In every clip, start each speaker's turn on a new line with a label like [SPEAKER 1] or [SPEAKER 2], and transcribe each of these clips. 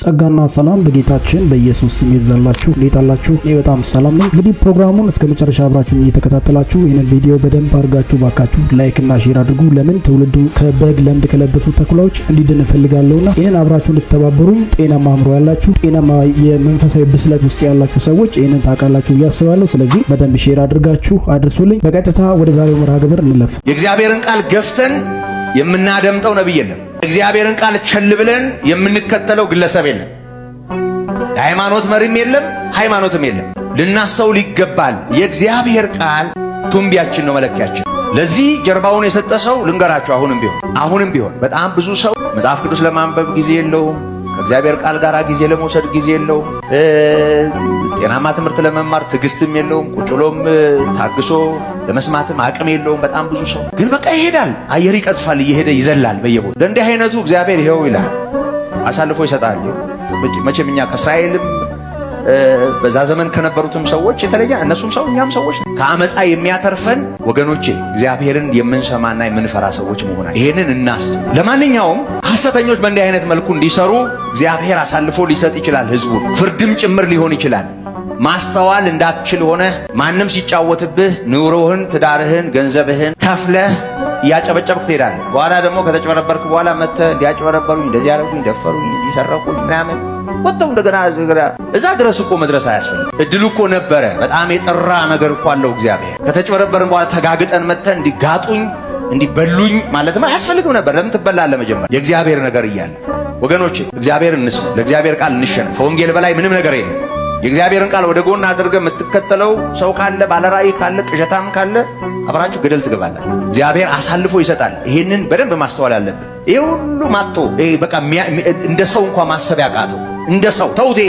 [SPEAKER 1] ጸጋና ሰላም በጌታችን በኢየሱስ ስም ይብዛላችሁ። እንዴት አላችሁ? እኔ በጣም ሰላም ነኝ። እንግዲህ ፕሮግራሙን እስከ መጨረሻ አብራችሁ እየተከታተላችሁ ይህንን ቪዲዮ በደንብ አድርጋችሁ ባካችሁ ላይክ እና ሼር አድርጉ። ለምን ትውልዱ ከበግ ለምድ ከለበሱ ተኩላዎች እንዲድን እፈልጋለሁና ይህንን አብራችሁ እንድትተባበሩኝ። ጤናማ አእምሮ ያላችሁ፣ ጤናማ የመንፈሳዊ ብስለት ውስጥ ያላችሁ ሰዎች ይህንን ታውቃላችሁ ብዬ አስባለሁ። ስለዚህ በደንብ ሼር አድርጋችሁ አድርሱልኝ። በቀጥታ ወደ ዛሬው መርሃ ግብር እንለፍ።
[SPEAKER 2] የእግዚአብሔርን ቃል ገፍተን የምናደምጠው ነብይ የለም። እግዚአብሔርን ቃል ቸል ብለን የምንከተለው ግለሰብ የለም፣ የሃይማኖት መሪም የለም፣ ሃይማኖትም የለም። ልናስተውል ይገባል። የእግዚአብሔር ቃል ቱንቢያችን ነው፣ መለኪያችን። ለዚህ ጀርባውን የሰጠ ሰው ልንገራችሁ፣ አሁንም ቢሆን አሁንም ቢሆን በጣም ብዙ ሰው መጽሐፍ ቅዱስ ለማንበብ ጊዜ የለውም፣ ከእግዚአብሔር ቃል ጋር ጊዜ ለመውሰድ ጊዜ የለውም። ጤናማ ትምህርት ለመማር ትዕግስትም የለውም። ቁጭ ብሎም ታግሶ ለመስማትም አቅም የለውም። በጣም ብዙ ሰው ግን በቃ ይሄዳል፣ አየር ይቀዝፋል፣ እየሄደ ይዘላል በየቦታ ለእንዲህ አይነቱ እግዚአብሔር ይኸው ይላል፣ አሳልፎ ይሰጣል። መቼም እኛ ከእስራኤልም በዛ ዘመን ከነበሩትም ሰዎች የተለየ እነሱም ሰው እኛም ሰዎች ከአመፃ የሚያተርፈን ወገኖቼ እግዚአብሔርን የምንሰማና የምንፈራ ሰዎች መሆና ይሄንን እናስ ለማንኛውም ሐሰተኞች በእንዲህ አይነት መልኩ እንዲሰሩ እግዚአብሔር አሳልፎ ሊሰጥ ይችላል። ህዝቡን ፍርድም ጭምር ሊሆን ይችላል። ማስተዋል እንዳትችል ሆነህ ማንም ሲጫወትብህ ኑሮህን፣ ትዳርህን፣ ገንዘብህን ከፍለህ እያጨበጨብክ ትሄዳለህ። በኋላ ደግሞ ከተጨበረበርክ በኋላ መጥተህ እንዲያጨበረበሩ እንደዚህ ያደረጉኝ፣ ደፈሩኝ፣ እንዲሰረቁኝ ምናምን ወጥተው እንደገና እዛ ድረስ እኮ መድረስ አያስፈልግም። እድሉ እኮ ነበረ። በጣም የጠራ ነገር እኮ አለው እግዚአብሔር። ከተጨበረበርን በኋላ ተጋግጠን መጥተህ እንዲጋጡኝ እንዲበሉኝ ማለትም አያስፈልግም ነበር። ለምን ትበላለህ? ለመጀመር የእግዚአብሔር ነገር እያለ ወገኖች፣ እግዚአብሔር እንስ ለእግዚአብሔር ቃል እንሸነፍ። ከወንጌል በላይ ምንም ነገር የለም። የእግዚአብሔርን ቃል ወደ ጎን አድርገ የምትከተለው ሰው ካለ ባለራእይ ካለ ቅዠታም ካለ አብራችሁ ገደል ትገባላችሁ። እግዚአብሔር አሳልፎ ይሰጣል። ይህንን በደንብ ማስተዋል አለብን። ይህ ሁሉ ማጥቶ በቃ እንደ ሰው እንኳ ማሰብ ያቃተው እንደ ሰው ተውት።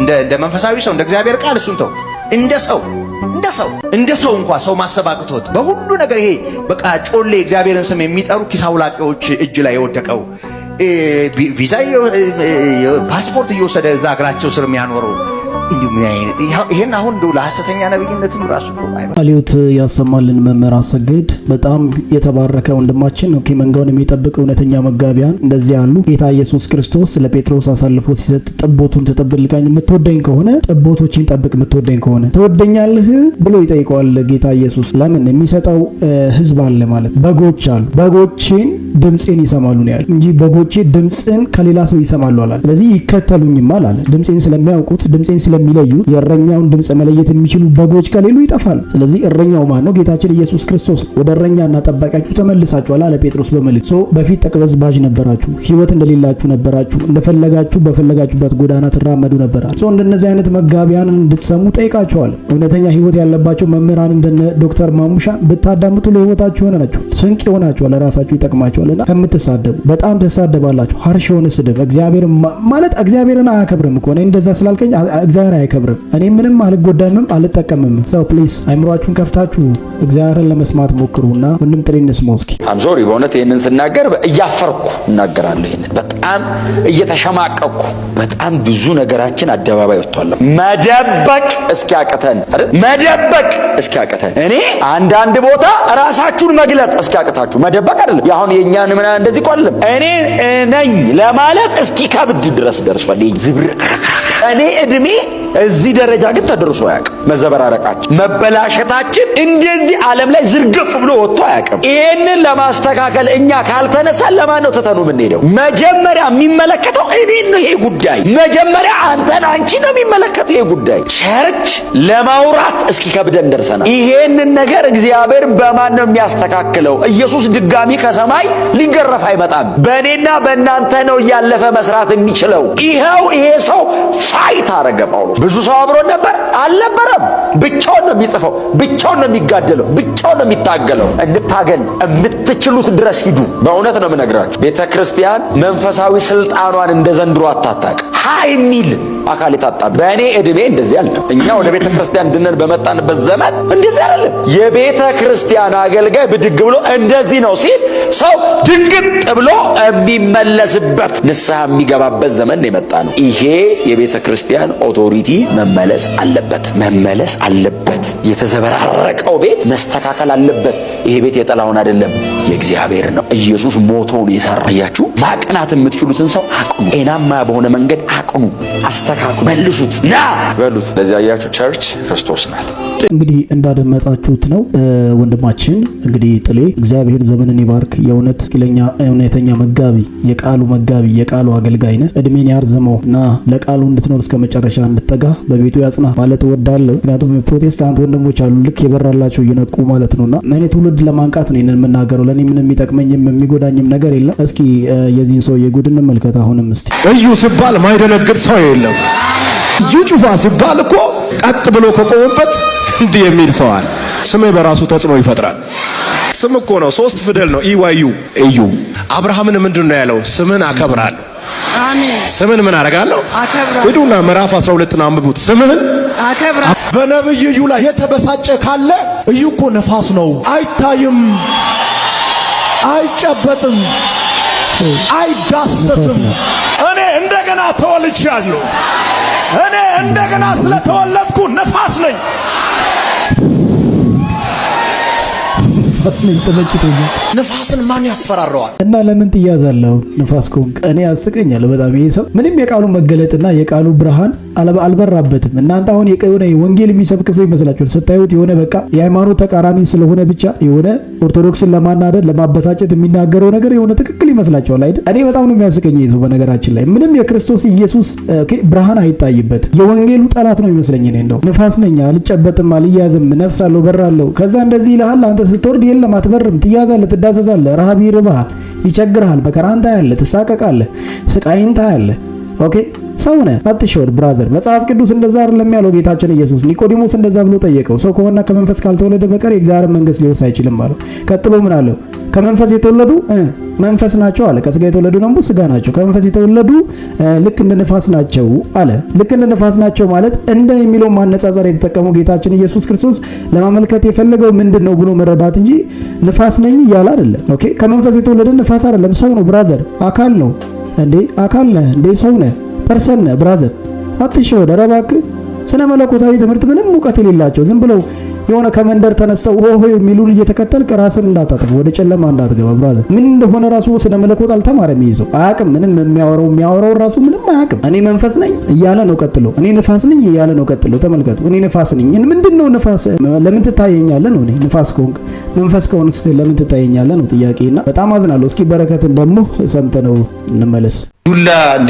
[SPEAKER 2] እንደ መንፈሳዊ ሰው እንደ እግዚአብሔር ቃል እሱን ተውት። እንደ ሰው እንደ ሰው እንደ ሰው እንኳ ሰው ማሰብ አቅቶት በሁሉ ነገር ይሄ በቃ ጮሌ እግዚአብሔርን ስም የሚጠሩ ኪስ እጅ ላይ የወደቀው ቪዛ ፓስፖርት እየወሰደ እዛ እግራቸው ስር የሚያኖረው ይህን አሁን እንደው ለሐሰተኛ ነብይነትም ራሱ
[SPEAKER 1] አሊዮት ያሰማልን መምህር አሰግድ በጣም የተባረከ ወንድማችን ነው። መንጋውን የሚጠብቅ እውነተኛ መጋቢያን እንደዚህ ያሉ ጌታ ኢየሱስ ክርስቶስ ለጴጥሮስ አሳልፎ ሲሰጥ ጥቦቱን ትጠብልቃኝ የምትወደኝ ከሆነ ጥቦቶችን ጠብቅ፣ የምትወደኝ ከሆነ ትወደኛልህ ብሎ ይጠይቀዋል ጌታ ኢየሱስ። ለምን የሚሰጠው ህዝብ አለ ማለት በጎች አሉ። በጎችን ድምፄን ይሰማሉ ነው ያለ እንጂ በጎቼ ድምፅን ከሌላ ሰው ይሰማሉ አላለ። ስለዚህ ይከተሉኝማል አለ ድምፄን ስለሚያውቁት ድምፄን ስለሚለዩ የእረኛውን ድምፅ መለየት የሚችሉ በጎች ከሌሉ ይጠፋሉ። ስለዚህ እረኛው ማን ነው? ጌታችን ኢየሱስ ክርስቶስ ነው። ወደ እረኛና ጠባቂያችሁ ተመልሳችኋል አለ ጴጥሮስ በመልእክት ሶ በፊት ተቅበዝባዥ ነበራችሁ፣ ህይወት እንደሌላችሁ ነበራችሁ፣ እንደፈለጋችሁ በፈለጋችሁበት ጎዳና ትራመዱ ነበራል። ሶ እንደነዚህ አይነት መጋቢያን እንድትሰሙ ጠይቃቸዋል። እውነተኛ ህይወት ያለባቸው መምህራን እንደነ ዶክተር ማሙሻ ብታዳምጡ ለህይወታችሁ ናቸው፣ ስንቅ ይሆናችኋል፣ ለራሳችሁ ይጠቅማቸዋል። እና ከምትሳደቡ በጣም ትሳደባላችሁ። ሀርሽ የሆነ ስድብ እግዚአብሔር ማለት እግዚአብሔርን አያከብርም እኮ እንደዛ ስላልከኝ እግዚአብሔር አይከብርም። እኔ ምንም አልጎዳምም አልጠቀምም። ሰው ፕሊዝ አይምሯችሁን ከፍታችሁ እግዚአብሔርን ለመስማት ሞክሩና ወንድም ጥሪን ሞስኪ እስኪ
[SPEAKER 2] አምዞሪ በእውነት ይህንን ስናገር እያፈርኩ እናገራለሁ። ይህንን በጣም እየተሸማቀኩ በጣም ብዙ ነገራችን አደባባይ ወጥቷል። መደበቅ እስኪያቅተን መደበቅ እስኪያቅተን እኔ አንዳንድ ቦታ ራሳችሁን መግለጥ እስኪያቅታችሁ መደበቅ አይደለም። አሁን የእኛን ምና እንደዚህ ቆልም እኔ ነኝ ለማለት እስኪከብድ ድረስ ደርሷል። ዝብርቅርቅ Ini me, እዚህ ደረጃ ግን ተደርሶ አያውቅም። መዘበራረቃችን፣ መበላሸታችን እንደዚህ ዓለም ላይ ዝርግፍ ብሎ ወጥቶ አያውቅም። ይሄንን ለማስተካከል እኛ ካልተነሳን ለማን ነው ትተኑ የምንሄደው? መጀመሪያ የሚመለከተው እኔን ነው። ይሄ ጉዳይ መጀመሪያ አንተን አንቺ ነው የሚመለከተው። ይሄ ጉዳይ ቸርች ለማውራት እስኪ ከብደን ደርሰናል። ይሄንን ነገር እግዚአብሔር በማን ነው የሚያስተካክለው? ኢየሱስ ድጋሚ ከሰማይ ሊገረፍ አይመጣም። በእኔና በእናንተ ነው እያለፈ መስራት የሚችለው። ይኸው ይሄ ሰው ፋይት አረገ ጳውሎስ ብዙ ሰው አብሮን ነበር አልነበረም። ብቻውን ነው የሚጽፈው፣ ብቻውን ነው የሚጋደለው፣ ብቻውን ነው የሚታገለው። እንታገል፣ የምትችሉት ድረስ ሂዱ። በእውነት ነው የምነግራችሁ፣ ቤተ ክርስቲያን መንፈሳዊ ስልጣኗን እንደ ዘንድሮ አታታቅ ሀይ የሚል አካል የታጣ በእኔ እድሜ እንደዚህ አለ። እኛ ወደ ቤተ ክርስቲያን እንድንን በመጣንበት ዘመን እንደዚህ አይደለም። የቤተ ክርስቲያን አገልጋይ ብድግ ብሎ እንደዚህ ነው ሲል ሰው ድንግጥ ብሎ የሚመለስበት ንስሐ የሚገባበት ዘመን የመጣ ነው። ይሄ የቤተ ክርስቲያን ኦቶሪቲ መመለስ አለበት፣ መመለስ አለበት። ቤት የተዘበራረቀው ቤት መስተካከል አለበት። ይሄ ቤት የጠላውን አይደለም፣ የእግዚአብሔር ነው። ኢየሱስ ሞቶ ነው የሰራያችሁ። ማቅናት የምትችሉትን ሰው አቅኑ። ጤናማ በሆነ መንገድ አቅኑ፣ አስተካክሉ፣ መልሱት ና በሉት። ለዚያ ያያችሁ ቸርች ክርስቶስ ናት።
[SPEAKER 1] እንግዲህ እንዳደመጣችሁት ነው ወንድማችን እንግዲህ ጥሌ እግዚአብሔር ዘመንን ይባርክ። የእውነት ለኛ እውነተኛ መጋቢ የቃሉ መጋቢ የቃሉ አገልጋይ ነህ። እድሜን ያርዘመው እና ለቃሉ እንድትኖር እስከ መጨረሻ እንድጠጋ በቤቱ ያጽና ማለት እወዳለሁ። ምክንያቱም ፕሮቴስታንት ወንድሞች አሉ ልክ የበራላቸው እየነቁ ማለት ነውና እኔ ትውልድ ለማንቃት ነው ይህንን የምናገረው። ለእኔ ምን የሚጠቅመኝም የሚጎዳኝም ነገር የለም። እስኪ የዚህን ሰው የጉድ እንመልከት። አሁንም እስቲ
[SPEAKER 2] እዩ ሲባል ማይደነግጥ ሰው የለም። እዩ ጩፋ ሲባል እኮ ቀጥ ብሎ ከቆሙበት አንድ የሚል ሰው አለ። በራሱ ተጽዕኖ ይፈጥራል። ስም እኮ ነው፣ ሶስት ፊደል ነው። ኢዋዩ e እዩ። አብርሃምን ምንድን ነው ያለው? ስምን አከብራለሁ። ስምን ምን አደርጋለሁ? ሂዱና ምዕራፍ 12ን አንብቡት። ስምህን በነብይ እዩ ላይ የተበሳጨ ካለ እዩ እኮ ነፋስ ነው፣ አይታይም፣ አይጨበጥም፣ አይዳሰስም። እኔ እንደገና ተወልጃለሁ። እኔ እንደገና ስለተወለድኩ ነፋስ ነኝ።
[SPEAKER 1] ንፋስ ነኝ ተመችቶኛል።
[SPEAKER 2] ንፋስን ማን ያስፈራረዋል?
[SPEAKER 1] እና ለምን ትያዛለሁ? ንፋስ ከሆንክ እኔ ያስቀኛል በጣም ይሄ ሰው ምንም የቃሉ መገለጥና የቃሉ ብርሃን አልበራበትም። እናንተ አሁን የሆነ ወንጌል የሚሰብክ ሰው ይመስላችኋል። ስታዩት የሆነ በቃ የሃይማኖት ተቃራኒ ስለሆነ ብቻ የሆነ ኦርቶዶክስን ለማናደድ ለማበሳጨት የሚናገረው ነገር የሆነ ትክክል ይመስላችኋል አይደል? እኔ በጣም ነው የሚያስቀኝ ይዘው በነገራችን ላይ ምንም የክርስቶስ ኢየሱስ ብርሃን አይታይበት የወንጌሉ ጠላት ነው ይመስለኝ። እኔ እንደው ንፋስ ነኝ አልጨበጥም፣ አልያዝም፣ ነፍስ አለው፣ በራለው። ከዛ እንደዚህ ይልሃል አንተ ስትወርድ የለም አትበርም፣ ትያዛለህ፣ ትዳሰሳለህ፣ ረሃብ ይርብሃል፣ ይቸግርሃል፣ መከራን ታያለህ፣ ትሳቀቃለህ፣ ስቃይን ታያለህ። ኦኬ ሰው ነህ አትሸወድ ብራዘር። መጽሐፍ ቅዱስ እንደዛ አይደለም ያለው ጌታችን ኢየሱስ። ኒቆዲሞስ እንደዛ ብሎ ጠየቀው። ሰው ከሆነ ከመንፈስ ካልተወለደ በቀር የእግዚአብሔር መንግስት ሊወርስ አይችልም አለው። ቀጥሎ ምን አለው? ከመንፈስ የተወለዱ መንፈስ ናቸው አለ። ከስጋ የተወለዱ ደግሞ ስጋ ናቸው። ከመንፈስ የተወለዱ ልክ እንደ ንፋስ ናቸው አለ። ልክ እንደ ንፋስ ናቸው ማለት እንደ የሚለው ማነጻጸር የተጠቀመው ጌታችን ኢየሱስ ክርስቶስ ለማመልከት የፈለገው ምንድን ነው ብሎ መረዳት እንጂ ንፋስ ነኝ እያለ አይደለም። ኦኬ ከመንፈስ የተወለደ ንፋስ አይደለም፣ ሰው ነው ብራዘር፣ አካል ነው። እንዴ አካል ነህ እንዴ ሰው ነህ ፐርሰን ነህ ብራዘር አትሽ ወደ ረባክ ስለ መለኮታዊ ትምህርት ምንም እውቀት የሌላቸው ዝም ብለው የሆነ ከመንደር ተነስተው ሆሆ የሚሉን እየተከተልክ ራስን እንዳታጠፍ ወደ ጨለማ እንዳትገባ ብራዘር ምን እንደሆነ ራሱ ስለ መለኮት አልተማረም ይዘው አያቅም ምንም የሚያወራው የሚያወራው ራሱ ምንም አያቅም እኔ መንፈስ ነኝ እያለ ነው ቀጥሎ እኔ ንፋስ ነኝ እያለ ነው ቀጥሎ ተመልከቱ እኔ ንፋስ ነኝ ምንድን ነው ንፋስ ለምን ትታየኛለህ ነው እኔ ንፋስ ከሆንክ መንፈስ ከሆንስ ለምን ትታየኛለህ ነው ጥያቄና በጣም አዝናለሁ። እስኪ በረከትን ደግሞ ሰምተነው እንመለስ።
[SPEAKER 2] ዱላ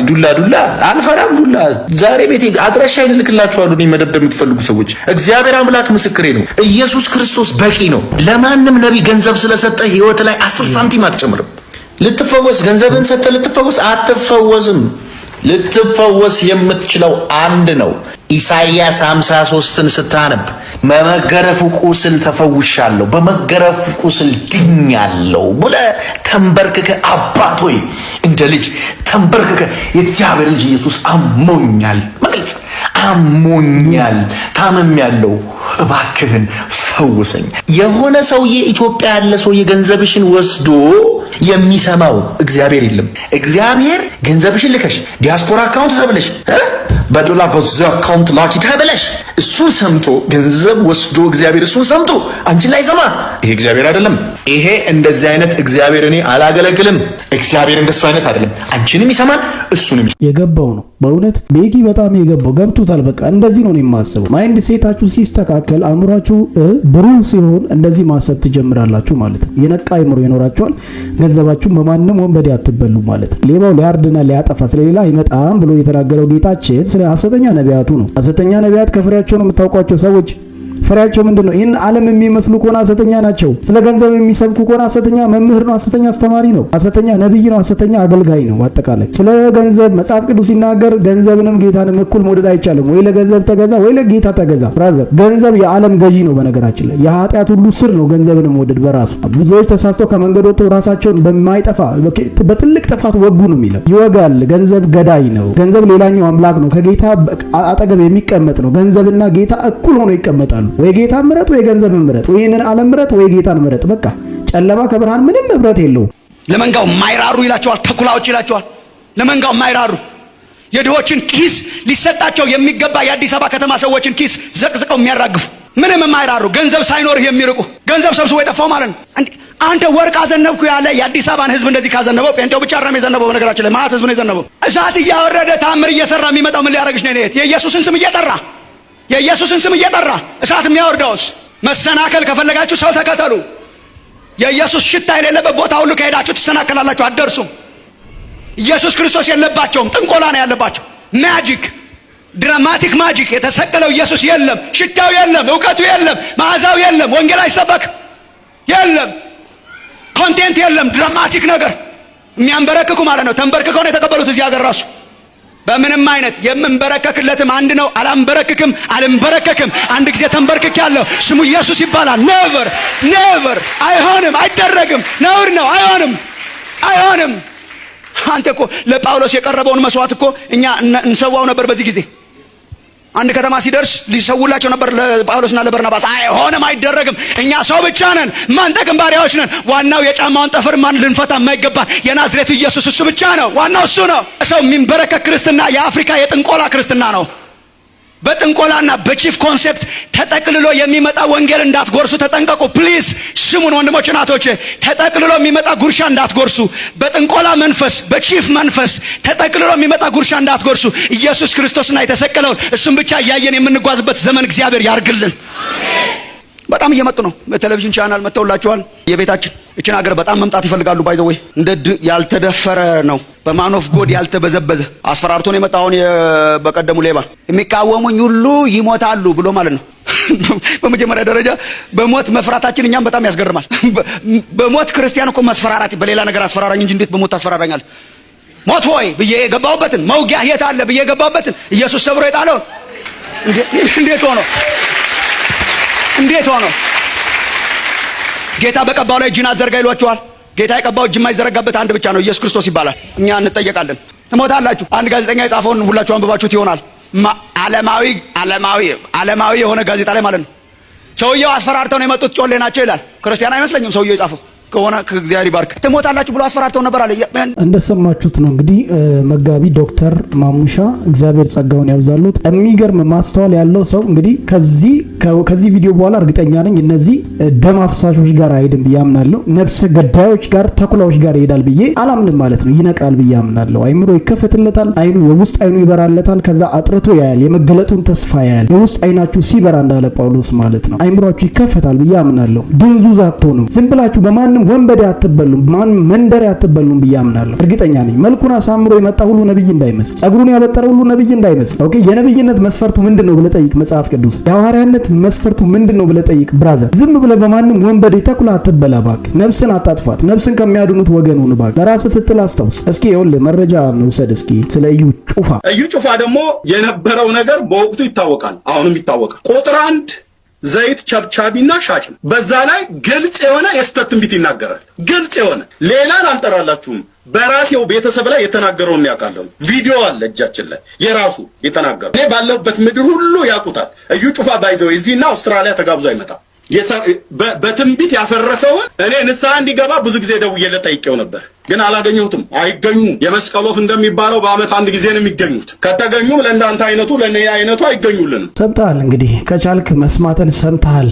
[SPEAKER 2] ዱላ ዱላ አልፈራም። ዱላ ዛሬ ቤቴ አድራሻ ይልክላችኋለሁ። እኔ መደብደብ የምትፈልጉ ሰዎች እግዚአብሔር አምላክ ምስክሬ ነው። ኢየሱስ ክርስቶስ በቂ ነው። ለማንም ነቢ ገንዘብ ስለሰጠ ህይወት ላይ አስር ሳንቲም አትጨምርም። ልትፈወስ ገንዘብን ሰጠ ልትፈወስ አትፈወስም። ልትፈወስ የምትችለው አንድ ነው። ኢሳይያስ 53ን ስታነብ በመገረፉ ቁስል ተፈውሻለሁ፣ በመገረፉ ቁስል ድኛለሁ ብለ ተንበርክከ አባት ሆይ እንደ ልጅ ተንበርክከ የእግዚአብሔር ልጅ ኢየሱስ አሞኛል፣ መግለጽ አሞኛል፣ ያለው እባክህን ፈውሰኝ። የሆነ ሰውዬ ኢትዮጵያ ያለ ሰው የገንዘብሽን ወስዶ የሚሰማው እግዚአብሔር የለም። እግዚአብሔር ገንዘብሽን ልከሽ ዲያስፖራ አካውንት ተብለሽ በዶላር በዚ አካውንት ላኪ ተብለሽ እሱ ሰምቶ ገንዘብ ወስዶ እግዚአብሔር እሱን ሰምቶ አንቺ ላይ ሰማ። ይሄ እግዚአብሔር አይደለም። ይሄ እንደዚህ አይነት እግዚአብሔር እኔ አላገለግልም። እግዚአብሔር እንደሱ አይነት አይደለም። አንቺንም ይሰማል፣ እሱንም
[SPEAKER 1] የገባው ነው። በእውነት ቤኪ በጣም የገባው ገብቶታል። በቃ እንደዚህ ነው የማስበው። ማይንድ ሴታችሁ ሲስተካከል አእምሯችሁ ብሩህ ሲሆን እንደዚህ ማሰብ ትጀምራላችሁ ማለት ነው። የነቃ አእምሮ ይኖራችኋል። ገንዘባችሁን በማንም ወንበዴ አትበሉ ማለት ነው። ሌባው ሊያርድና ሊያጠፋ ስለሌላ አይመጣም ብሎ የተናገረው ጌታችን ስለ ሐሰተኛ ነቢያቱ ነው። ሐሰተኛ ነቢያት ከፍሬ ነው የምታውቋቸው ሰዎች ፍሬያቸው ምንድን ነው? ይህን ዓለም የሚመስሉ ከሆነ ሐሰተኛ ናቸው። ስለ ገንዘብ የሚሰብኩ ከሆነ ሐሰተኛ መምህር ነው፣ ሐሰተኛ አስተማሪ ነው፣ ሐሰተኛ ነቢይ ነው፣ ሐሰተኛ አገልጋይ ነው። አጠቃላይ ስለ ገንዘብ መጽሐፍ ቅዱስ ሲናገር ገንዘብንም ጌታንም እኩል መውደድ አይቻልም፣ ወይ ለገንዘብ ተገዛ፣ ወይ ለጌታ ተገዛ። ብራዘር ገንዘብ የዓለም ገዢ ነው። በነገራችን ላይ የኃጢአት ሁሉ ስር ነው ገንዘብን መውደድ በራሱ። ብዙዎች ተሳስተው ከመንገድ ወጥተው ራሳቸውን በማይጠፋ በትልቅ ጥፋት ወጉ ነው የሚለው ይወጋል። ገንዘብ ገዳይ ነው። ገንዘብ ሌላኛው አምላክ ነው። ከጌታ አጠገብ የሚቀመጥ ነው። ገንዘብና ጌታ እኩል ሆኖ ይቀመጣሉ። ወይ ጌታን ምረጥ ወይ ገንዘብ ምረጥ፣ ወይ ይህንን ዓለም ምረጥ ወይ ጌታን ምረጥ። በቃ ጨለማ ከብርሃን ምንም ህብረት የለውም።
[SPEAKER 2] ለመንጋው ማይራሩ ይላቸዋል፣ ተኩላዎች ይላቸዋል። ለመንጋው ማይራሩ የድሆችን ኪስ ሊሰጣቸው የሚገባ የአዲስ አበባ ከተማ ሰዎችን ኪስ ዘቅዝቀው የሚያራግፉ ምንም የማይራሩ ገንዘብ ሳይኖርህ የሚርቁ ገንዘብ ሰብስቦ የጠፋው ማለት ነው። አንተ ወርቅ አዘነብኩ ያለ የአዲስ አበባን ህዝብ እንደዚህ ካዘነበው ጴንጤው ብቻ ረም የዘነበው በነገራችን ላይ ማለት ህዝብ ነው የዘነበው። እሳት እያወረደ ታምር እየሰራ የሚመጣው ምን ሊያደርግሽ ነው? የኢየሱስን ስም እየጠራ የኢየሱስን ስም እየጠራ እሳት የሚያወርደውስ? መሰናከል ከፈለጋችሁ ሰው ተከተሉ። የኢየሱስ ሽታ የሌለበት ቦታ ሁሉ ከሄዳችሁ ትሰናከላላችሁ፣ አትደርሱም። ኢየሱስ ክርስቶስ የለባቸውም፣ ጥንቆላ ነው ያለባቸው። ማጂክ፣ ድራማቲክ ማጂክ። የተሰቀለው ኢየሱስ የለም፣ ሽታው የለም፣ እውቀቱ የለም፣ መዓዛው የለም፣ ወንጌል አይሰበክ የለም፣ ኮንቴንት የለም፣ ድራማቲክ ነገር የሚያንበረክኩ ማለት ነው። ተንበርክከው ነው የተቀበሉት እዚህ ሀገር ራሱ በምንም አይነት የምንበረከክለትም አንድ ነው። አላምበረክክም፣ አልንበረከክም። አንድ ጊዜ ተንበርክክ ያለው ስሙ ኢየሱስ ይባላል። ኔቨር ኔቨር፣ አይሆንም፣ አይደረግም፣ ነውር ነው። አይሆንም፣ አይሆንም። አንተ እኮ ለጳውሎስ የቀረበውን መስዋዕት እኮ እኛ እንሰዋው ነበር በዚህ ጊዜ አንድ ከተማ ሲደርስ ሊሰውላቸው ነበር ለጳውሎስና ለበርናባስ። አይሆንም፣ አይደረግም። እኛ ሰው ብቻ ነን፣ ማንጠቅም ባሪያዎች ነን። ዋናው የጫማውን ጠፍር ማን ልንፈታ የማይገባ የናዝሬቱ ኢየሱስ እሱ ብቻ ነው። ዋናው እሱ ነው። ሰው የሚንበረከክ ክርስትና የአፍሪካ የጥንቆላ ክርስትና ነው። በጥንቆላና በቺፍ ኮንሴፕት ተጠቅልሎ የሚመጣ ወንጌል እንዳትጎርሱ ተጠንቀቁ። ፕሊስ ስሙን ወንድሞች እናቶቼ ተጠቅልሎ የሚመጣ ጉርሻ እንዳትጎርሱ። በጥንቆላ መንፈስ፣ በቺፍ መንፈስ ተጠቅልሎ የሚመጣ ጉርሻ እንዳትጎርሱ። ኢየሱስ ክርስቶስና የተሰቀለውን እሱም ብቻ እያየን የምንጓዝበት ዘመን እግዚአብሔር ያርግልን። በጣም እየመጡ ነው። በቴሌቪዥን ቻናል መጥተውላችኋል። የቤታችን እችን ሀገር በጣም መምጣት ይፈልጋሉ። ባይዘ ወይ እንደ ያልተደፈረ ነው በማን ኦፍ ጎድ ያልተበዘበዘ አስፈራርቶ ነው የመጣ። አሁን በቀደሙ ሌባ የሚቃወሙኝ ሁሉ ይሞታሉ ብሎ ማለት ነው። በመጀመሪያ ደረጃ በሞት መፍራታችን እኛም በጣም ያስገርማል። በሞት ክርስቲያን እኮ መስፈራራት በሌላ ነገር አስፈራራኝ እንጂ እንዴት በሞት ታስፈራራኛል? ሞት ሆይ ብዬ የገባሁበትን መውጊያ የት አለ ብዬ የገባሁበትን ኢየሱስ ሰብሮ የጣለውን እንዴት ሆኖ እንዴት ሆኖ ጌታ በቀባው ላይ እጅን አዘርጋ ይሏቸዋል። ጌታ የቀባው እጅ የማይዘረጋበት አንድ ብቻ ነው፣ ኢየሱስ ክርስቶስ ይባላል። እኛ እንጠየቃለን፣ ትሞታላችሁ። አንድ ጋዜጠኛ የጻፈውን ሁላችሁ አንብባችሁት ይሆናል። ዓለማዊ ዓለማዊ ዓለማዊ የሆነ ጋዜጣ ላይ ማለት ነው። ሰውየው አስፈራርተው ነው የመጡት፣ ጮሌ ናቸው ይላል። ክርስቲያን አይመስለኝም ሰውየው የጻፈው ከሆነ ከእግዚአብሔር ይባርክ ትሞታላችሁ ብሎ አስፈራርተው ነበር አለ።
[SPEAKER 1] እንደሰማችሁት ነው እንግዲህ መጋቢ ዶክተር ማሙሻ እግዚአብሔር ጸጋውን ያብዛሉት። የሚገርም ማስተዋል ያለው ሰው እንግዲህ ከዚህ ከዚህ ቪዲዮ በኋላ እርግጠኛ ነኝ እነዚህ ደም አፍሳሾች ጋር አይሄድም ብዬ አምናለሁ። ነብሰ ገዳዮች ጋር፣ ተኩላዎች ጋር ይሄዳል ብዬ አላምንም ማለት ነው። ይነቃል ብዬ አምናለሁ። አይምሮ ይከፈትለታል። አይኑ የውስጥ አይኑ ይበራለታል። ከዛ አጥርቶ ያያል። የመገለጡን ተስፋ ያያል። የውስጥ አይናችሁ ሲበራ እንዳለ ጳውሎስ ማለት ነው። አይምሯችሁ ይከፈታል ብዬ አምናለሁ። ድንዙዝ አትሆኑም። ዝም ብላችሁ በማንም ወንበዴ አትበሉም፣ ማንም መንደሬ አትበሉም ብዬ አምናለሁ። እርግጠኛ ነኝ። መልኩን አሳምሮ የመጣ ሁሉ ነብይ እንዳይመስል፣ ጸጉሩን ያበጠረ ሁሉ ነብይ እንዳይመስል። ኦኬ የነብይነት መስፈርቱ ምንድን ነው ብለህ ጠይቅ መጽሐፍ ቅዱስ የሐዋርያነት መስፈርቱ ምንድን ነው ብለህ ጠይቅ ብራዘር። ዝም ብለህ በማንም ወንበዴ ተኩላ አትበላ እባክህ። ነፍስን አታጥፋት። ነፍስን ከሚያድኑት ወገን ሁን እባክህ። ለራስህ ስትል አስታውስ። እስኪ ይኸውልህ መረጃ እንውሰድ እስኪ ስለ እዩ ጩፋ። እዩ ጩፋ ደግሞ የነበረው ነገር በወቅቱ ይታወቃል፣ አሁንም ይታወቃል። ቁጥር አንድ ዘይት ቸብቻቢና ሻጭ ነው። በዛ ላይ ግልጽ የሆነ የስተት ትንቢት ይናገራል። ግልጽ የሆነ ሌላን አልጠራላችሁም። በራሴው ቤተሰብ ላይ የተናገረውን ያውቃለሁ። ቪዲዮ አለ እጃችን ላይ የራሱ የተናገረው። እኔ ባለሁበት ምድር ሁሉ ያውቁታል። እዩ ጩፋ ባይዘው እዚህና አውስትራሊያ ተጋብዞ አይመጣም። በትንቢት ያፈረሰውን እኔ ንስሐ እንዲገባ ብዙ ጊዜ ደውዬለት ጠይቄው ነበር፣ ግን አላገኘሁትም። አይገኙም። የመስቀል ወፍ እንደሚባለው በዓመት አንድ ጊዜ ነው የሚገኙት። ከተገኙም ለእንዳንተ አይነቱ ለእኔ አይነቱ አይገኙልንም። ሰምተሃል፣ እንግዲህ ከቻልክ መስማትን ሰምተሃል።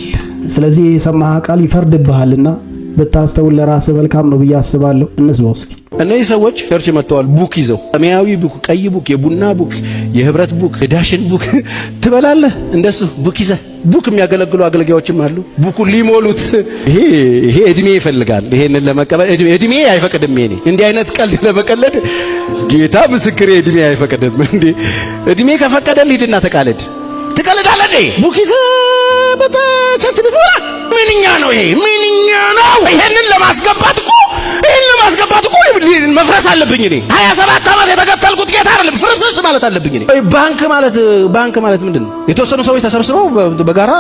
[SPEAKER 1] ስለዚህ የሰማህ ቃል ይፈርድብሃልና ብታስተውል ለራስህ መልካም ነው ብዬ አስባለሁ። እስኪ። እነዚህ ሰዎች ቸርች መጥተዋል። ቡክ ይዘው ሰማያዊ ቡክ፣ ቀይ ቡክ፣ የቡና ቡክ፣ የህብረት ቡክ፣ የዳሽን ቡክ ትበላለህ። እንደሱ ቡክ ይዘህ ቡክ የሚያገለግሉ አገልጋዮችም አሉ። ቡኩ ሊሞሉት ይሄ ይሄ እድሜ ይፈልጋል። ይሄንን ለመቀበል እድሜ አይፈቅድም። እኔ እንዲህ አይነት ቀልድ ለመቀለድ ጌታ ምስክሬ እድሜ አይፈቅድም። እንዴ እድሜ ከፈቀደ ሂድና ተቃለድ። ዳዴ ቡኪስ በታቻችን ብትበላ ምንኛ ነው ይሄ? ምንኛ ነው? ይሄንን ለማስገባት እኮ ይሄን ለማስገባት እኮ መፍረስ አለብኝ እኔ 27 ዓመት የተከተልኩት ጌታ አይደለም፣ ፍርስስ ማለት አለብኝ እኔ። ባንክ ማለት ባንክ ማለት ምንድን ነው? የተወሰኑ ሰዎች ተሰብስበው በጋራ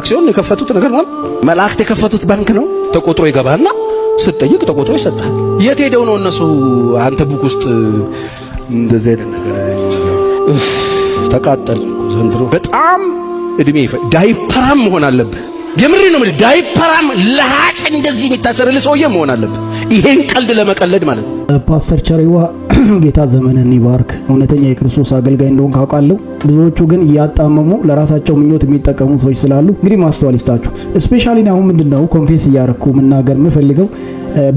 [SPEAKER 1] አክሲዮን የከፈቱት ነገር ማለት መላእክት የከፈቱት ባንክ ነው። ተቆጥሮ ይገባና ስትጠይቅ ተቆጥሮ ይሰጣል። የት ሄደው ነው እነሱ? አንተ ቡክ ውስጥ እንደዚህ አይነት ነገር ተቃጠል ዘንድሮ በጣም እድሜ ይፈ ዳይፐራም መሆን አለብህ። የምሪ ነው የምልህ። ዳይፐራም ለሃጭ እንደዚህ የሚታሰርልህ ሰውዬ መሆን አለብህ። ይሄን ቀልድ ለመቀለድ ማለት ነው። ፓስተር ቸሪዋ ጌታ ዘመንህን ይባርክ። እውነተኛ የክርስቶስ አገልጋይ እንደሆን ካውቃለሁ። ብዙዎቹ ግን እያጣመሙ ለራሳቸው ምኞት የሚጠቀሙ ሰዎች ስላሉ እንግዲህ ማስተዋል ይስጣችሁ። ስፔሻሊ አሁን ምንድነው ኮንፌስ እያረኩ ምናገር የምፈልገው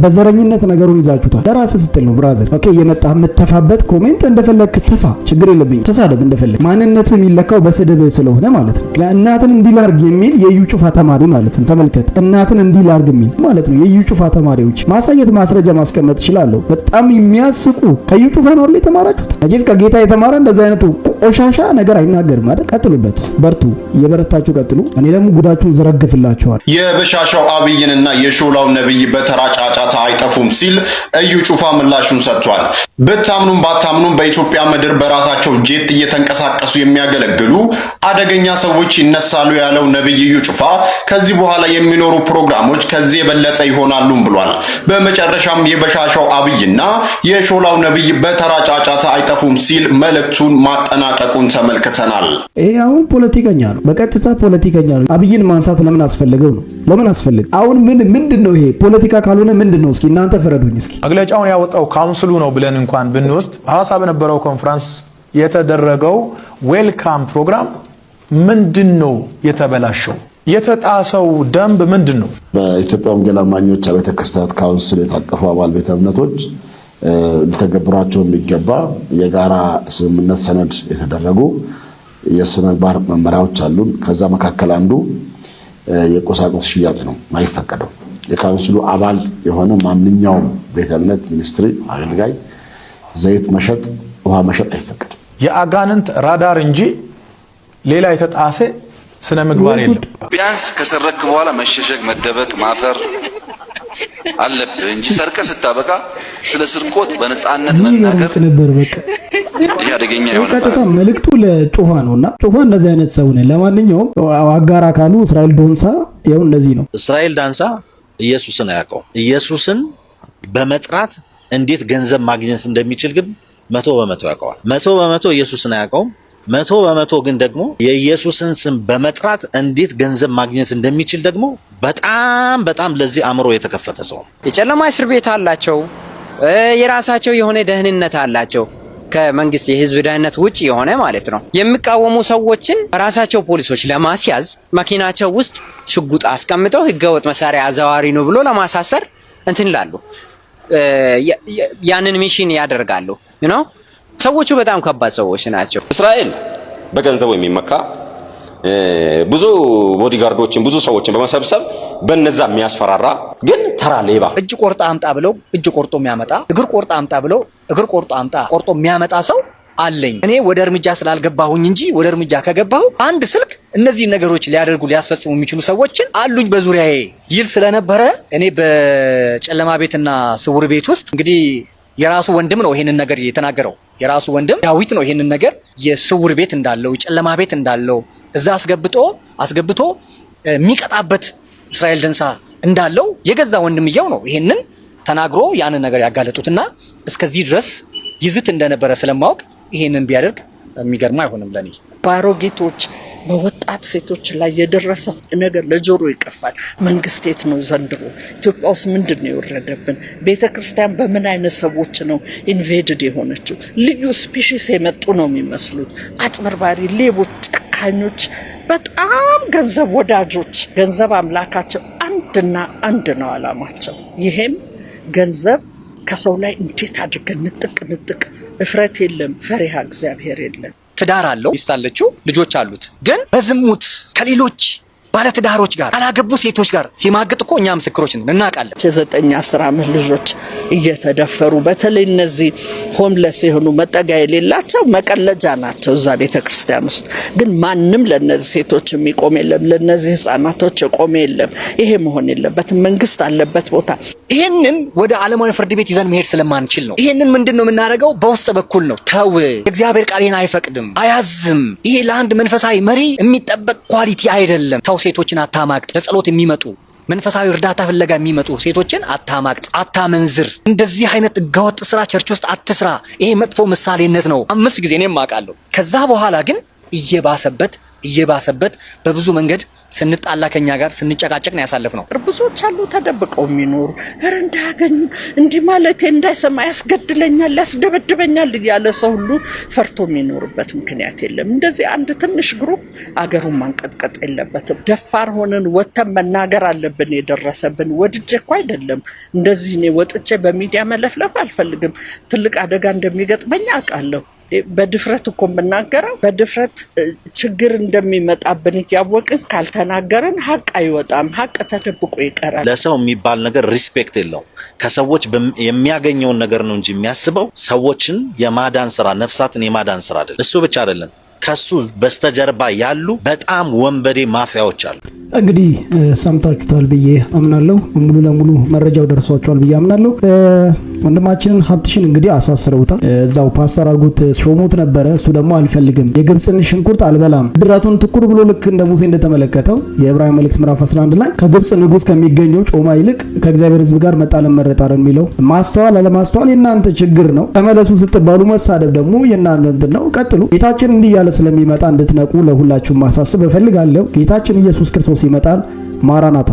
[SPEAKER 1] በዘረኝነት ነገሩን ይዛችሁታል። ለራስ ስትል ነው ብራዘር። ኦኬ እየመጣ የምተፋበት ኮሜንት እንደፈለግ ተፋ፣ ችግር የለብኝ። ተሳደብ እንደፈለግ። ማንነት የሚለካው በስድብ ስለሆነ ማለት ነው። እናትን እንዲላርግ የሚል የዩ ጩፋ ተማሪ ማለት ነው። ተመልከት፣ እናትን እንዲላርግ የሚል ማለት ነው። የዩ ጩፋ ተማሪዎች ማሳየት፣ ማስረጃ ማስቀመጥ እችላለሁ። በጣም የሚያስቁ ከዩ ጩፋ ነው የተማራችሁት። መቼስ ከጌታ የተማረ እንደዚህ አይነቱ ቆሻሻ ነገር አይናገርም አይደል? ቀጥሉበት፣ በርቱ፣ የበረታችሁ ቀጥሉ። እኔ ደግሞ ጉዳችሁን ዘረግፍላችኋል።
[SPEAKER 2] የበሻሻው አብይንና የሾላው ነብይ በተራጫ ጫጫታ አይጠፉም ሲል እዩ ጩፋ ምላሹን ሰጥቷል። ብታምኑም ባታምኑም በኢትዮጵያ ምድር በራሳቸው ጄት እየተንቀሳቀሱ የሚያገለግሉ አደገኛ ሰዎች ይነሳሉ ያለው ነቢይ እዩ ጩፋ ከዚህ በኋላ የሚኖሩ ፕሮግራሞች ከዚህ የበለጠ ይሆናሉም ብሏል። በመጨረሻም የበሻሻው አብይና የሾላው ነቢይ በተራ ጫጫታ አይጠፉም ሲል መልእክቱን ማጠናቀቁን ተመልክተናል።
[SPEAKER 1] ይህ አሁን ፖለቲከኛ ነው፣ በቀጥታ ፖለቲከኛ ነው። አብይን ማንሳት ለምን አስፈለገው ነው? ለምን አስፈለገ? አሁን ምን ምንድን ነው ይሄ ፖለቲካ ካልሆነ ምንድን ነው? እስኪ እናንተ ፍረዱኝ። እስኪ
[SPEAKER 3] መግለጫውን ያወጣው ካውንስሉ ነው ብለን እንኳን ብንወስድ ሐዋሳ በነበረው ኮንፈረንስ የተደረገው ዌልካም ፕሮግራም ምንድን ነው የተበላሸው? የተጣሰው ደንብ ምንድን ነው?
[SPEAKER 4] በኢትዮጵያ ወንጌል አማኞች አብያተ ክርስቲያናት ካውንስል የታቀፉ አባል ቤተ እምነቶች ሊተገብሯቸው የሚገባ የጋራ ስምምነት ሰነድ የተደረጉ የስነ ምግባር መመሪያዎች አሉ። ከዛ መካከል አንዱ የቁሳቁስ ሽያጭ ነው፣ አይፈቀደው የካውንስሉ አባል የሆነ ማንኛውም ቤተ እምነት፣ ሚኒስትሪ፣ አገልጋይ ዘይት መሸጥ፣ ውሃ መሸጥ አይፈቀድም።
[SPEAKER 3] የአጋንንት ራዳር እንጂ ሌላ የተጣሰ ስነ ምግባር የለም።
[SPEAKER 2] ቢያንስ ከሰረክ በኋላ መሸሸግ፣ መደበቅ፣ ማፈር አለብህ እንጂ ሰርቀ ስታበቃ ስለ ስርቆት በነፃነት መናገር
[SPEAKER 1] ነበር። በቃ አደገኛ የሆነ ቀጥታ መልእክቱ ለጩፋ ነው እና ጩፋ እንደዚህ አይነት ሰው ነው። ለማንኛውም አጋር አካሉ እስራኤል ዶንሳ ይኸው እንደዚህ ነው።
[SPEAKER 2] እስራኤል ዳንሳ ኢየሱስን አያውቀውም። ኢየሱስን በመጥራት እንዴት ገንዘብ ማግኘት እንደሚችል ግን መቶ በመቶ ያውቀዋል። መቶ በመቶ ኢየሱስን አያውቀውም። መቶ በመቶ ግን ደግሞ የኢየሱስን ስም በመጥራት እንዴት ገንዘብ ማግኘት እንደሚችል ደግሞ በጣም በጣም ለዚህ አእምሮ የተከፈተ ሰው
[SPEAKER 5] የጨለማ እስር ቤት አላቸው። የራሳቸው የሆነ ደህንነት አላቸው። ከመንግስት የህዝብ ደህንነት ውጭ የሆነ ማለት ነው። የሚቃወሙ ሰዎችን ራሳቸው ፖሊሶች ለማስያዝ መኪናቸው ውስጥ ሽጉጥ አስቀምጠው ህገወጥ መሳሪያ አዘዋሪ ነው ብሎ ለማሳሰር እንትን ላሉ ያንን ሚሽን ያደርጋሉ ነው። ሰዎቹ በጣም ከባድ ሰዎች ናቸው።
[SPEAKER 2] እስራኤል በገንዘቡ የሚመካ ብዙ ቦዲጋርዶችን ብዙ ሰዎችን በመሰብሰብ በነዛ የሚያስፈራራ ግን ተራ ሌባ
[SPEAKER 5] እጅ ቆርጣ አምጣ ብለው እጅ ቆርጦ የሚያመጣ እግር ቆርጣ አምጣ ብለው እግር ቆርጦ አምጣ ቆርጦ የሚያመጣ ሰው አለኝ። እኔ ወደ እርምጃ ስላልገባሁኝ እንጂ ወደ እርምጃ ከገባሁ አንድ ስልክ እነዚህ ነገሮች ሊያደርጉ ሊያስፈጽሙ የሚችሉ ሰዎችን አሉኝ በዙሪያዬ ይል ስለነበረ እኔ በጨለማ ቤትና ስውር ቤት ውስጥ እንግዲህ የራሱ ወንድም ነው ይሄንን ነገር የተናገረው። የራሱ ወንድም ዳዊት ነው ይሄንን ነገር የስውር ቤት እንዳለው የጨለማ ቤት እንዳለው እዛ አስገብቶ አስገብቶ የሚቀጣበት እስራኤል ደንሳ እንዳለው የገዛ ወንድምየው ነው ይሄንን ተናግሮ ያንን ነገር ያጋለጡት እና እስከዚህ ድረስ ይዝት እንደነበረ ስለማወቅ ይሄንን ቢያደርግ የሚገርም አይሆንም ለኔ።
[SPEAKER 6] ባሮጌቶች በወጣት ሴቶች ላይ የደረሰው ነገር ለጆሮ ይቀፋል። መንግስት የት ነው ዘንድሮ? ኢትዮጵያ ውስጥ ምንድን ነው የወረደብን? ቤተ ክርስቲያን በምን አይነት ሰዎች ነው ኢንቬድድ የሆነችው? ልዩ ስፒሺስ የመጡ ነው የሚመስሉት አጭበርባሪ ሌቦች ጨካኞች፣ በጣም ገንዘብ ወዳጆች፣ ገንዘብ አምላካቸው አንድና አንድ ነው አላማቸው ይሄም ገንዘብ ከሰው ላይ እንዴት አድርገን ንጥቅ ንጥቅ። እፍረት የለም፣ ፈሪሃ እግዚአብሔር የለም።
[SPEAKER 5] ትዳር አለው፣ ይስታለችው ልጆች አሉት። ግን በዝሙት ከሌሎች ባለትዳሮች ጋር አላገቡ ሴቶች ጋር ሲማግጥ እኮ እኛ ምስክሮች ነን፣ እናውቃለን።
[SPEAKER 6] የዘጠኝ አስር ዓመት ልጆች እየተደፈሩ በተለይ እነዚህ ሆምለስ የሆኑ መጠጊያ የሌላቸው መቀለጃ ናቸው እዛ ቤተ ክርስቲያን ውስጥ። ግን ማንም ለእነዚህ ሴቶች የሚቆም የለም፣ ለእነዚህ ህጻናቶች የቆመ የለም። ይሄ መሆን የለበትም። መንግስት አለበት ቦታ ይህንን ወደ አለማዊ ፍርድ ቤት ይዘን መሄድ ስለማንችል ነው። ይህንን ምንድን ነው የምናደርገው? በውስጥ በኩል ነው። ተው እግዚአብሔር ቃሌን አይፈቅድም፣ አያዝም። ይሄ ለአንድ መንፈሳዊ መሪ የሚጠበቅ ኳሊቲ አይደለም። ተው ሴቶችን አታማግጥ። ለጸሎት የሚመጡ መንፈሳዊ እርዳታ ፍለጋ የሚመጡ ሴቶችን አታማግጥ፣ አታመንዝር። እንደዚህ አይነት ህገወጥ ስራ ቸርች ውስጥ አትስራ። ይሄ መጥፎ ምሳሌነት ነው። አምስት ጊዜ እኔም አውቃለሁ። ከዛ በኋላ ግን እየባሰበት እየባሰበት በብዙ መንገድ ስንጣላ ከኛ ጋር ስንጨቃጨቅ ነው ያሳለፍ ነው። ብዙዎች አሉ ተደብቀው የሚኖሩ ር እንዳያገኙ እንዲህ ማለት እንዳይሰማ ያስገድለኛል፣ ያስደበድበኛል እያለ ሰው ሁሉ ፈርቶ የሚኖርበት ምክንያት የለም። እንደዚህ አንድ ትንሽ ግሩፕ አገሩን ማንቀጥቀጥ የለበትም። ደፋር ሆነን ወጥተን መናገር አለብን። የደረሰብን ወድጄ እኮ አይደለም። እንደዚህ እኔ ወጥቼ በሚዲያ መለፍለፍ አልፈልግም። ትልቅ አደጋ እንደሚገጥመኝ አውቃለሁ። በድፍረት እኮ የምናገረው በድፍረት ችግር እንደሚመጣብን እያወቅን ካልተናገርን ሀቅ አይወጣም። ሀቅ ተደብቆ ይቀራል።
[SPEAKER 2] ለሰው የሚባል ነገር ሪስፔክት የለው። ከሰዎች የሚያገኘውን ነገር ነው እንጂ የሚያስበው ሰዎችን የማዳን ስራ፣ ነፍሳትን የማዳን ስራ አይደለም። እሱ ብቻ አይደለም። ከሱ በስተጀርባ ያሉ በጣም ወንበዴ ማፊያዎች አሉ።
[SPEAKER 1] እንግዲህ ሰምታችሁታል ብዬ አምናለሁ። ሙሉ ለሙሉ መረጃው ደርሷቸዋል ብዬ አምናለሁ። ወንድማችንን ሀብትሽን እንግዲህ አሳስረውታል። እዛው ፓስተር አድርጎት ሾሞት ነበረ። እሱ ደግሞ አልፈልግም፣ የግብፅን ሽንኩርት አልበላም፣ ድራቱን ትኩር ብሎ ልክ እንደ ሙሴ እንደተመለከተው የዕብራዊ መልእክት ምዕራፍ 11 ላይ ከግብፅ ንጉስ ከሚገኘው ጮማ ይልቅ ከእግዚአብሔር ሕዝብ ጋር መጣልን መረጣር የሚለው ማስተዋል አለማስተዋል የእናንተ ችግር ነው። ተመለሱ ስትባሉ መሳደብ ደግሞ የእናንተ እንትን ነው። ቀጥሉ። ጌታችን እንዲህ እያለ ስለሚመጣ እንድትነቁ ለሁላችሁም ማሳስብ እፈልጋለሁ። ጌታችን ኢየሱስ ክርስቶስ ይመጣል። ማራናታ